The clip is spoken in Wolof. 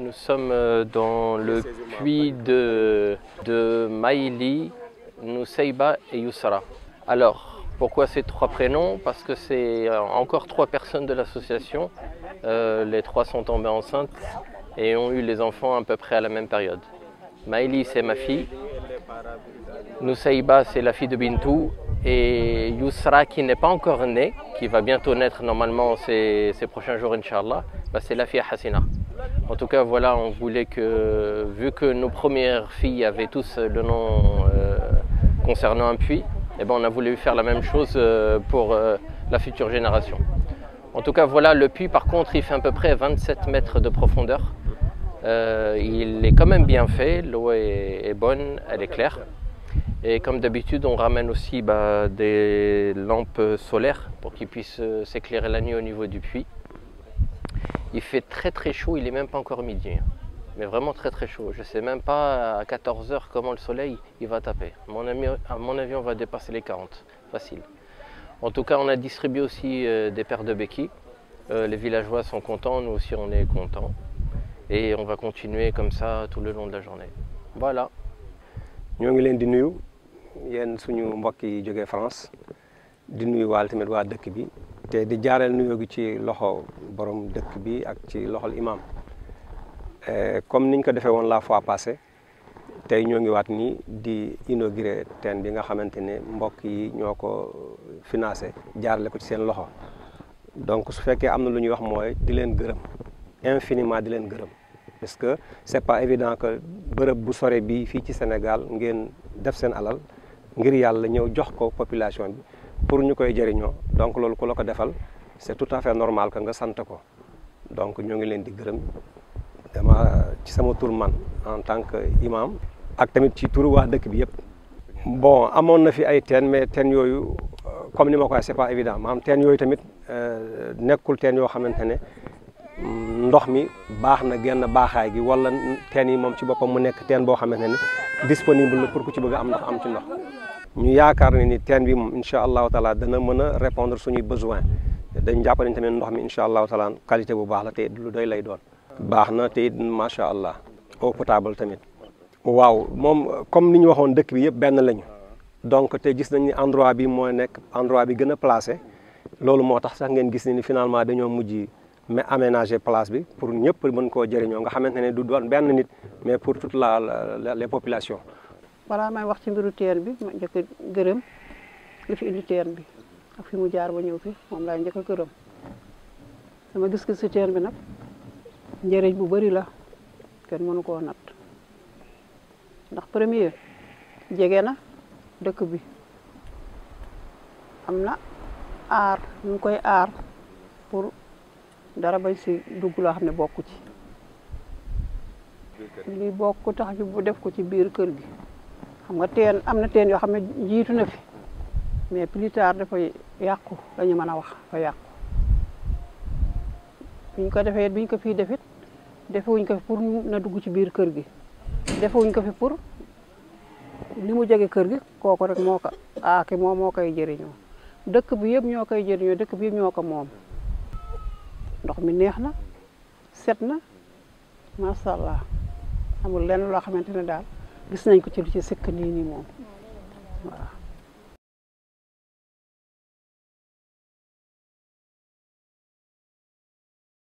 Nous sommes euh, dans le puits de, de Maïli, Nuseiba et Yousra. Alors, pourquoi ces trois prénoms Parce que c'est euh, encore trois personnes de l'association. Euh, les trois sont tombées enceintes et ont eu les enfants à peu près à la même période. Maïli, c'est ma fille. Nuseiba, c'est la fille de Bintou. Et Yousra, qui n'est pas encore née, qui va bientôt naître normalement ces, prochains jours, Inch'Allah, bah c'est la fille Hassina. En tout cas, voilà, on voulait que, vu que nos premières filles avaient tous euh, le nom euh, concernant un puits, eh ben, on a voulu faire la même chose euh, pour la future génération. En tout cas, voilà, le puits, par contre, il fait à peu près 27 mètres de profondeur. il est quand même bien fait, l'eau est, bonne, elle est claire. Et comme d'habitude, on ramène aussi bah, des lampes solaires pour qu'ils puissent s'éclairer la nuit au niveau du puits. Il fait très très chaud, il n'est même pas encore midi. Hein. Mais vraiment très très chaud. Je ne sais même pas à 14h comment le soleil il va taper. mon, avis, on va dépasser les 40. Facile. En tout cas, on a distribué aussi euh, des paires de béquilles. Euh, les villageois sont contents, nous aussi on est contents. Et on va continuer comme ça tout le long de la journée. Voilà. France te di jaareel nuyoo gi ci loxo borom dëkk bi ak ci loxol imam eh, comme niñ ko defee woon la fois passée tey ñoo ngi waat ni di inauguré teen bi nga xamante ne mbokk yi ñoo ko financé jaarale ko ci seen loxo donc su fekkee am na lu ñuy wax mooy di leen gërëm infiniment di leen gërëm parce que c'est pas évident que bërëb bu sore bi fii ci Sénégal ngeen def seen alal ngir yàlla ñëw jox ko population bi pour ñu koy jëriñoo donc loolu ku la ko defal c'est tout à fait normal ka nga sant ko donc ñoo ngi leen di gërëm dama ci sama tur man en tant que imam ak tamit ci turu waa dëkk bi yëpp bon amoon na fi ay teen mais teen yooyu euh, comme ni ma ko waxee c'est pas évident maanaam teen yooyu tamit euh, nekkul teen yoo xamante ne mm, ndox mi baax na genn baaxaay gi wala teen yi moom ci boppam mu nekk teen boo xamante ne disponible na pour ku ci bëgg am na am ci ndox ñu yaakaar ne ni teen bi moom incha allahu taala dana mën a répondre suñuy besoin dañ jàpp ne tamit ndox mi incha allah taala qualité bu baax la te lu doy lay doon. baax na te macha allah eau potable tamit. waaw moom comme ni ñu waxoon dëkk bi yëpp benn lañu donc te gis nañ ni endroit bi moo nekk endroit bi gën a placé loolu moo tax sax ngeen gis ne ni finalement dañoo mujj mais aménager place bi pour ñëpp mën koo jëriñoo nga xamante ne du doon benn nit mais pour toute la les populations. wala may wax ci mbiru terre bi ma jëk gërëm li fi indi terre bi ak fi mu jaar ba ñëw fi moom njëkk gërëm sama gis-gis ci terre bi nag njëriñ bu bari la kenn mënu koo nat ndax premier jege na dëkk bi am na aar ñu koy aar pour dara bañ si dugg loo xam ne bokku ci li bokk tax ñu def ko ci biir kër gi xam nga am na teen yoo xam ne jiitu na fi mais plus tard dafay yàqu lañu mën a wax dafa yàqu biñ ko defee biñ ko fii defit defewuñ ko fi pour na dugg ci biir kër gi defewuñ ko fi pour li mu jege kër gi kooku rek moo ko aaki ah, moom moo koy jëriñoo dëkk bu yëpp ñoo koy jëriñoo dëkk bi yëpp ñoo ko moom ndox mi neex na set na macha allah amul lenn loo xamante ne daal gis nañ ko ci lu ci sëkk nii nii moom mm. waaw